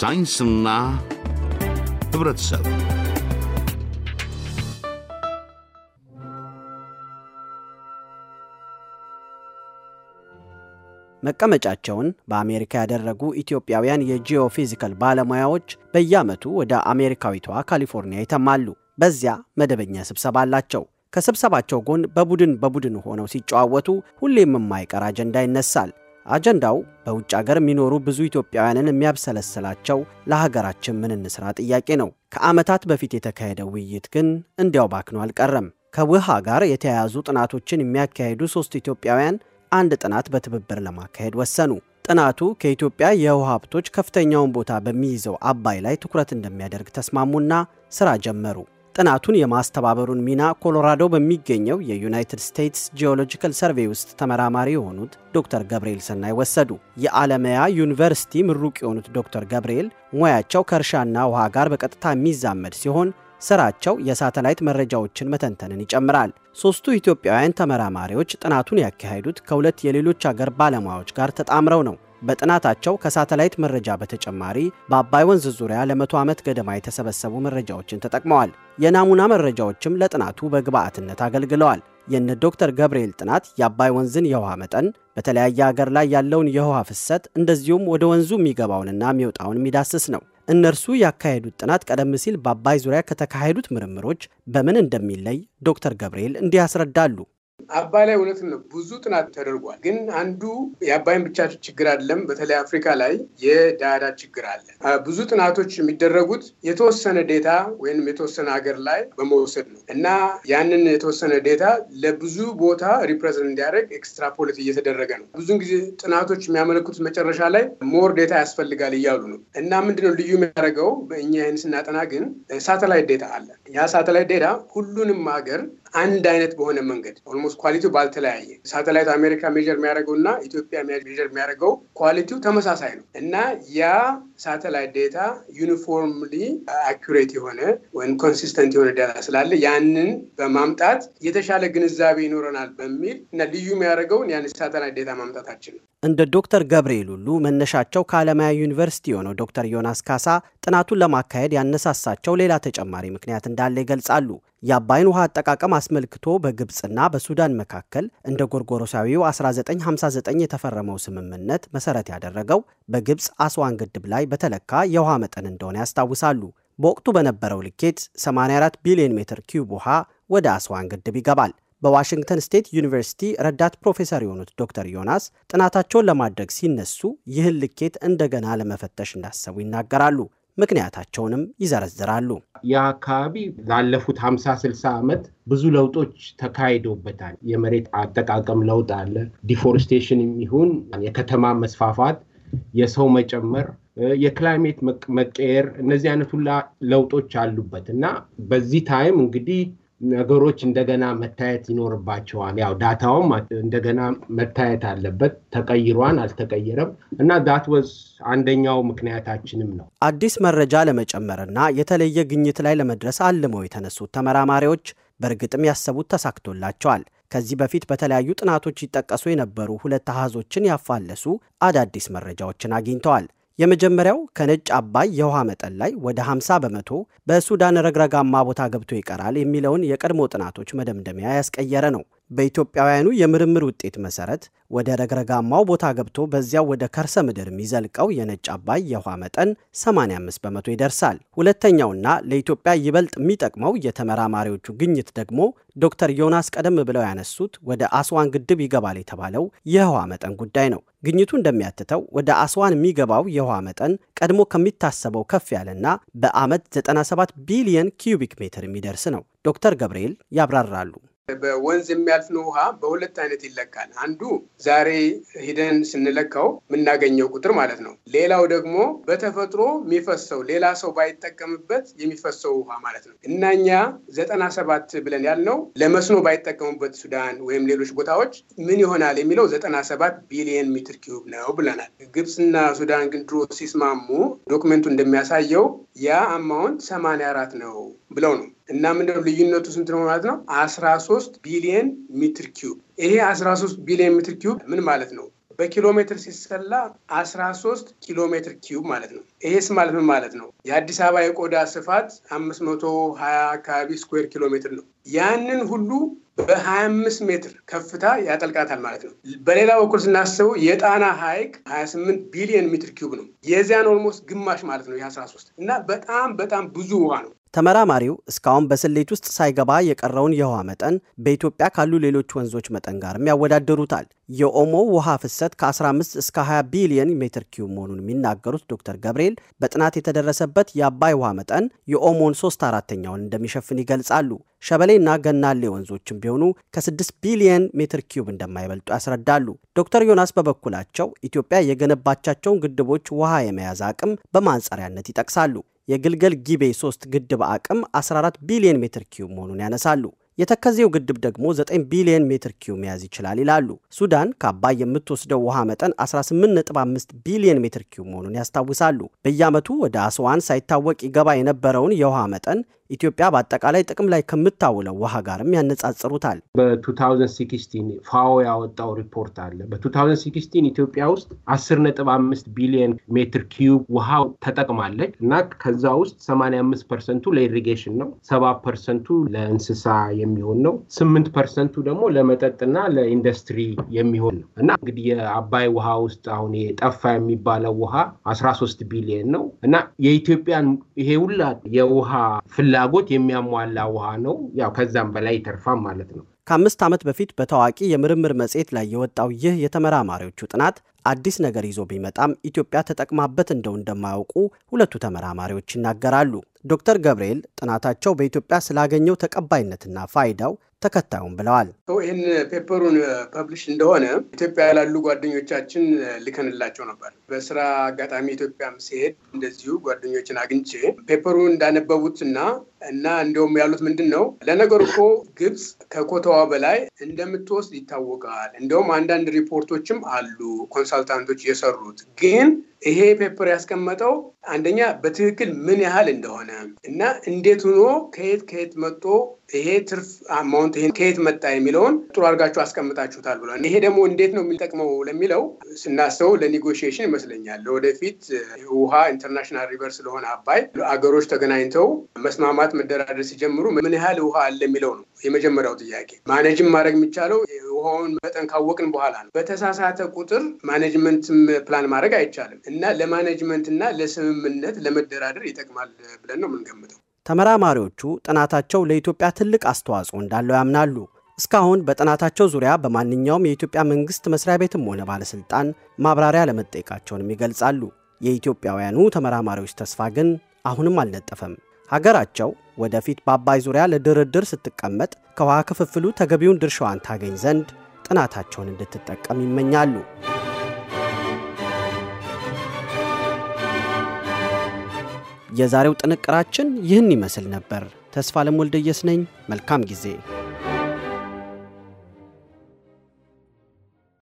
ሳይንስና ህብረተሰብ መቀመጫቸውን በአሜሪካ ያደረጉ ኢትዮጵያውያን የጂኦፊዚካል ባለሙያዎች በየዓመቱ ወደ አሜሪካዊቷ ካሊፎርኒያ ይተማሉ። በዚያ መደበኛ ስብሰባ አላቸው። ከስብሰባቸው ጎን በቡድን በቡድን ሆነው ሲጨዋወቱ ሁሌም የማይቀር አጀንዳ ይነሳል። አጀንዳው በውጭ አገር የሚኖሩ ብዙ ኢትዮጵያውያንን የሚያብሰለስላቸው ለሀገራችን ምን እንስራ ጥያቄ ነው። ከዓመታት በፊት የተካሄደው ውይይት ግን እንዲያው ባክኖ አልቀረም። ከውሃ ጋር የተያያዙ ጥናቶችን የሚያካሄዱ ሶስት ኢትዮጵያውያን አንድ ጥናት በትብብር ለማካሄድ ወሰኑ። ጥናቱ ከኢትዮጵያ የውሃ ሀብቶች ከፍተኛውን ቦታ በሚይዘው አባይ ላይ ትኩረት እንደሚያደርግ ተስማሙና ስራ ጀመሩ። ጥናቱን የማስተባበሩን ሚና ኮሎራዶ በሚገኘው የዩናይትድ ስቴትስ ጂኦሎጂካል ሰርቬይ ውስጥ ተመራማሪ የሆኑት ዶክተር ገብርኤል ሰናይ ወሰዱ። የአለማያ ዩኒቨርሲቲ ምሩቅ የሆኑት ዶክተር ገብርኤል ሙያቸው ከእርሻና ውሃ ጋር በቀጥታ የሚዛመድ ሲሆን ስራቸው የሳተላይት መረጃዎችን መተንተንን ይጨምራል። ሶስቱ ኢትዮጵያውያን ተመራማሪዎች ጥናቱን ያካሄዱት ከሁለት የሌሎች አገር ባለሙያዎች ጋር ተጣምረው ነው። በጥናታቸው ከሳተላይት መረጃ በተጨማሪ በአባይ ወንዝ ዙሪያ ለመቶ ዓመት ገደማ የተሰበሰቡ መረጃዎችን ተጠቅመዋል። የናሙና መረጃዎችም ለጥናቱ በግብአትነት አገልግለዋል። የነ ዶክተር ገብርኤል ጥናት የአባይ ወንዝን የውሃ መጠን፣ በተለያየ አገር ላይ ያለውን የውሃ ፍሰት፣ እንደዚሁም ወደ ወንዙ የሚገባውንና የሚወጣውን የሚዳስስ ነው። እነርሱ ያካሄዱት ጥናት ቀደም ሲል በአባይ ዙሪያ ከተካሄዱት ምርምሮች በምን እንደሚለይ ዶክተር ገብርኤል እንዲህ ያስረዳሉ። አባይ ላይ እውነት ነው ብዙ ጥናት ተደርጓል። ግን አንዱ የአባይን ብቻ ችግር አይደለም። በተለይ አፍሪካ ላይ የዳዳ ችግር አለ። ብዙ ጥናቶች የሚደረጉት የተወሰነ ዴታ ወይም የተወሰነ ሀገር ላይ በመውሰድ ነው እና ያንን የተወሰነ ዴታ ለብዙ ቦታ ሪፕሬዘንት እንዲያደርግ ኤክስትራፖሌት እየተደረገ ነው። ብዙን ጊዜ ጥናቶች የሚያመለክቱት መጨረሻ ላይ ሞር ዴታ ያስፈልጋል እያሉ ነው እና ምንድነው ልዩ የሚያደርገው በእኛ ይህን ስናጠና ግን ሳተላይት ዴታ አለ። ያ ሳተላይት ዴታ ሁሉንም ሀገር አንድ አይነት በሆነ መንገድ ኦልሞስት ኳሊቲው ባልተለያየ ሳተላይት አሜሪካ ሜጀር የሚያደርገው እና ኢትዮጵያ ሜር የሚያደርገው ኳሊቲው ተመሳሳይ ነው እና ያ ሳተላይት ዴታ ዩኒፎርምሊ አኩሬት የሆነ ወይም ኮንሲስተንት የሆነ ዳታ ስላለ ያንን በማምጣት የተሻለ ግንዛቤ ይኖረናል በሚል እና ልዩ የሚያደርገውን ያን ሳተላይት ዴታ ማምጣታችን ነው። እንደ ዶክተር ገብርኤል ሁሉ መነሻቸው ከአለማያ ዩኒቨርሲቲ የሆነው ዶክተር ዮናስ ካሳ ጥናቱን ለማካሄድ ያነሳሳቸው ሌላ ተጨማሪ ምክንያት እንዳለ ይገልጻሉ። የአባይን ውሃ አጠቃቀም አስመልክቶ በግብፅና በሱዳን መካከል እንደ ጎርጎሮሳዊው 1959 የተፈረመው ስምምነት መሰረት ያደረገው በግብፅ አስዋን ግድብ ላይ በተለካ የውሃ መጠን እንደሆነ ያስታውሳሉ። በወቅቱ በነበረው ልኬት 84 ቢሊዮን ሜትር ኪዩብ ውሃ ወደ አስዋን ግድብ ይገባል። በዋሽንግተን ስቴት ዩኒቨርሲቲ ረዳት ፕሮፌሰር የሆኑት ዶክተር ዮናስ ጥናታቸውን ለማድረግ ሲነሱ ይህን ልኬት እንደገና ለመፈተሽ እንዳሰቡ ይናገራሉ። ምክንያታቸውንም ይዘረዝራሉ። ያ አካባቢ ላለፉት ሀምሳ ስልሳ ዓመት ብዙ ለውጦች ተካሂዶበታል። የመሬት አጠቃቀም ለውጥ አለ። ዲፎሬስቴሽን የሚሆን የከተማ መስፋፋት፣ የሰው መጨመር፣ የክላይሜት መቀየር እነዚህ አይነት ሁላ ለውጦች አሉበት እና በዚህ ታይም እንግዲህ ነገሮች እንደገና መታየት ይኖርባቸዋል። ያው ዳታውም እንደገና መታየት አለበት። ተቀይሯን አልተቀየረም እና ዳት ወዝ አንደኛው ምክንያታችንም ነው። አዲስ መረጃ ለመጨመርና የተለየ ግኝት ላይ ለመድረስ አልመው የተነሱት ተመራማሪዎች በእርግጥም ያሰቡት ተሳክቶላቸዋል። ከዚህ በፊት በተለያዩ ጥናቶች ይጠቀሱ የነበሩ ሁለት አሃዞችን ያፋለሱ አዳዲስ መረጃዎችን አግኝተዋል። የመጀመሪያው ከነጭ አባይ የውሃ መጠን ላይ ወደ 50 በመቶ በሱዳን ረግረጋማ ቦታ ገብቶ ይቀራል የሚለውን የቀድሞ ጥናቶች መደምደሚያ ያስቀየረ ነው። በኢትዮጵያውያኑ የምርምር ውጤት መሰረት ወደ ረግረጋማው ቦታ ገብቶ በዚያው ወደ ከርሰ ምድር የሚዘልቀው የነጭ አባይ የውሃ መጠን 85 በመቶ ይደርሳል። ሁለተኛውና ለኢትዮጵያ ይበልጥ የሚጠቅመው የተመራማሪዎቹ ግኝት ደግሞ ዶክተር ዮናስ ቀደም ብለው ያነሱት ወደ አስዋን ግድብ ይገባል የተባለው የውሃ መጠን ጉዳይ ነው። ግኝቱ እንደሚያትተው ወደ አስዋን የሚገባው የውሃ መጠን ቀድሞ ከሚታሰበው ከፍ ያለና በዓመት 97 ቢሊየን ኪዩቢክ ሜትር የሚደርስ ነው። ዶክተር ገብርኤል ያብራራሉ። በወንዝ የሚያልፍ ነው ውሃ በሁለት አይነት ይለካል። አንዱ ዛሬ ሂደን ስንለካው የምናገኘው ቁጥር ማለት ነው። ሌላው ደግሞ በተፈጥሮ የሚፈሰው ሌላ ሰው ባይጠቀምበት የሚፈሰው ውሃ ማለት ነው እና እኛ ዘጠና ሰባት ብለን ያልነው ለመስኖ ባይጠቀሙበት ሱዳን ወይም ሌሎች ቦታዎች ምን ይሆናል የሚለው ዘጠና ሰባት ቢሊየን ሜትር ኪዩብ ነው ብለናል። ግብፅና ሱዳን ግን ድሮ ሲስማሙ ዶክመንቱ እንደሚያሳየው ያ አማውንት ሰማንያ አራት ነው ብለው ነው እና ምንድነው ልዩነቱ ስንት ነው ማለት ነው? አስራ ሶስት ቢሊየን ሜትር ኪዩብ። ይሄ አስራ ሶስት ቢሊየን ሜትር ኪዩብ ምን ማለት ነው? በኪሎ ሜትር ሲሰላ አስራ ሶስት ኪሎ ሜትር ኪዩብ ማለት ነው። ይሄስ ማለት ምን ማለት ነው? የአዲስ አበባ የቆዳ ስፋት አምስት መቶ ሀያ አካባቢ ስኩዌር ኪሎ ሜትር ነው። ያንን ሁሉ በሀያ አምስት ሜትር ከፍታ ያጠልቃታል ማለት ነው። በሌላ በኩል ስናስበው የጣና ሐይቅ ሀያ ስምንት ቢሊየን ሜትር ኪዩብ ነው። የዚያን ኦልሞስት ግማሽ ማለት ነው። የአስራ ሶስት እና በጣም በጣም ብዙ ውሃ ነው። ተመራማሪው እስካሁን በስሌት ውስጥ ሳይገባ የቀረውን የውሃ መጠን በኢትዮጵያ ካሉ ሌሎች ወንዞች መጠን ጋርም ያወዳደሩታል። የኦሞ ውሃ ፍሰት ከ15 እስከ 20 ቢሊየን ሜትር ኪዩብ መሆኑን የሚናገሩት ዶክተር ገብርኤል በጥናት የተደረሰበት የአባይ ውሃ መጠን የኦሞን ሶስት አራተኛውን እንደሚሸፍን ይገልጻሉ። ሸበሌና ገናሌ ወንዞችም ቢሆኑ ከ6 ቢሊየን ሜትር ኪዩብ እንደማይበልጡ ያስረዳሉ። ዶክተር ዮናስ በበኩላቸው ኢትዮጵያ የገነባቻቸውን ግድቦች ውሃ የመያዝ አቅም በማንጸሪያነት ይጠቅሳሉ። የግልገል ጊቤ 3 ግድብ አቅም 14 ቢሊዮን ሜትር ኪዩብ መሆኑን ያነሳሉ። የተከዜው ግድብ ደግሞ 9 ቢሊዮን ሜትር ኪዩብ መያዝ ይችላል ይላሉ። ሱዳን ከአባይ የምትወስደው ውሃ መጠን 18.5 ቢሊዮን ሜትር ኪዩብ መሆኑን ያስታውሳሉ። በየዓመቱ ወደ አስዋን ሳይታወቅ ይገባ የነበረውን የውሃ መጠን ኢትዮጵያ በአጠቃላይ ጥቅም ላይ ከምታውለው ውሃ ጋርም ያነጻጽሩታል። በ2016 ፋኦ ያወጣው ሪፖርት አለ። በ2016 ኢትዮጵያ ውስጥ 15 ቢሊዮን ሜትር ኪዩብ ውሃ ተጠቅማለች እና ከዛ ውስጥ 85 ፐርሰንቱ ለኢሪጌሽን ነው፣ 7 ፐርሰንቱ ለእንስሳ የሚሆን ነው፣ 8 ፐርሰንቱ ደግሞ ለመጠጥና ለኢንዱስትሪ የሚሆን ነው እና እንግዲህ የአባይ ውሃ ውስጥ አሁን የጠፋ የሚባለው ውሃ 13 ቢሊዮን ነው እና የኢትዮጵያን ይሄ ሁላ የውሃ ፍላ ፍላጎት የሚያሟላ ውሃ ነው። ያው ከዛም በላይ ይተርፋም ማለት ነው። ከአምስት ዓመት በፊት በታዋቂ የምርምር መጽሔት ላይ የወጣው ይህ የተመራማሪዎቹ ጥናት አዲስ ነገር ይዞ ቢመጣም ኢትዮጵያ ተጠቅማበት እንደው እንደማያውቁ ሁለቱ ተመራማሪዎች ይናገራሉ። ዶክተር ገብርኤል ጥናታቸው በኢትዮጵያ ስላገኘው ተቀባይነትና ፋይዳው ተከታዩም ብለዋል። ይህን ፔፐሩን ፐብሊሽ እንደሆነ ኢትዮጵያ ላሉ ጓደኞቻችን ልከንላቸው ነበር። በስራ አጋጣሚ ኢትዮጵያም ሲሄድ እንደዚሁ ጓደኞችን አግኝቼ ፔፐሩን እንዳነበቡት እና እና እንደውም ያሉት ምንድን ነው ለነገር እኮ ግብፅ ከኮተዋ በላይ እንደምትወስድ ይታወቃል። እንደውም አንዳንድ ሪፖርቶችም አሉ ኮንሳልታንቶች የሰሩት ግን ይሄ ፔፐር ያስቀመጠው አንደኛ በትክክል ምን ያህል እንደሆነ እና እንዴት ሆኖ ከየት ከየት መጥቶ ይሄ ትርፍ አማውንት ይሄ ከየት መጣ የሚለውን ጥሩ አድርጋችሁ አስቀምጣችሁታል ብሏል። ይሄ ደግሞ እንዴት ነው የሚጠቅመው ለሚለው ስናስተው ለኔጎሽዬሽን ይመስለኛል። ለወደፊት ውሃ ኢንተርናሽናል ሪቨር ስለሆነ አባይ አገሮች ተገናኝተው መስማማት መደራደር ሲጀምሩ ምን ያህል ውሃ አለ የሚለው ነው የመጀመሪያው ጥያቄ። ማኔጅም ማድረግ የሚቻለው የውሃውን መጠን ካወቅን በኋላ ነው። በተሳሳተ ቁጥር ማኔጅመንትም ፕላን ማድረግ አይቻልም እና ለማኔጅመንትና ለስምምነት ለመደራደር ይጠቅማል ብለን ነው የምንገምተው። ተመራማሪዎቹ ጥናታቸው ለኢትዮጵያ ትልቅ አስተዋጽኦ እንዳለው ያምናሉ። እስካሁን በጥናታቸው ዙሪያ በማንኛውም የኢትዮጵያ መንግስት መስሪያ ቤትም ሆነ ባለስልጣን ማብራሪያ ለመጠየቃቸውንም ይገልጻሉ። የኢትዮጵያውያኑ ተመራማሪዎች ተስፋ ግን አሁንም አልነጠፈም። ሀገራቸው ወደፊት በአባይ ዙሪያ ለድርድር ስትቀመጥ ከውሃ ክፍፍሉ ተገቢውን ድርሻዋን ታገኝ ዘንድ ጥናታቸውን እንድትጠቀም ይመኛሉ። የዛሬው ጥንቅራችን ይህን ይመስል ነበር። ተስፋ ለሞልደየስ ነኝ። መልካም ጊዜ